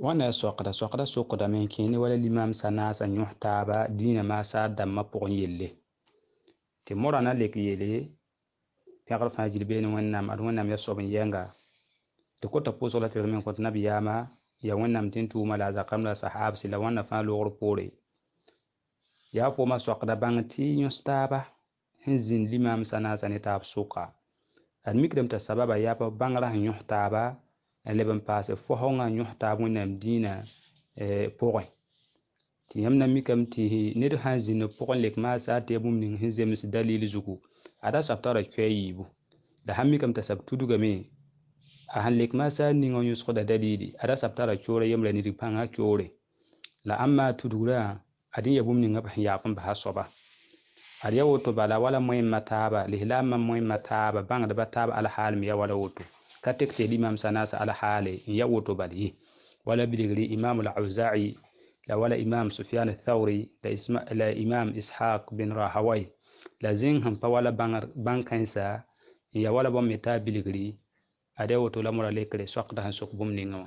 wãnna yaa sokda sokda min kini kẽene wala limam san naas n dina ma sa maasa dãmbã pʋgẽ yelle tɩ morã na lek yeele pẽgr fãa gil beene wẽnnaam ad wẽnnaam ya soab n yɛnga tɩ kota pʋʋsgla tɩ d me nabi ya tɩ nabiyaama yaa tu tɩ zakam la a sahaabse la wãnna fãa loogr poore yaa fooma sokda bãng tɩ yõs taaba sẽn limam sana san ta taab sʋka t'a sababa ya pa bangara sẽn ba. la ban paasɛ fɔsgã yõs taab wẽnnaam dĩinã pʋgẽ tɩ yãmb na mikame tɩ ned sãn zĩnd pʋg n lek maa saa tɩ ya bũmb ning sẽn zems dalil zugu a da soab tara koɛɛ yiibu la sãn mikame t'a sab tudgame a sãn lek maa saa ningã yõsgda dalili a da soab tara coora yembra ned pãngã coore la ãmb maa tudgrã ad n ya bũmb ning pa sẽn yaaf n basa soaba ad ya woto bala wala moẽmma taaba lislaam mam moẽmma taaba bãngdba taab alhaal me ya wala woto ka tekte imam sanasa ala hale ya woto bali wala bidigri imam al-auza'i la wala imam sufyan al-thawri imam ishaq bin rahawai la zin han pa wala bangar bankansa ya wala bom meta biligri ade woto la mora bum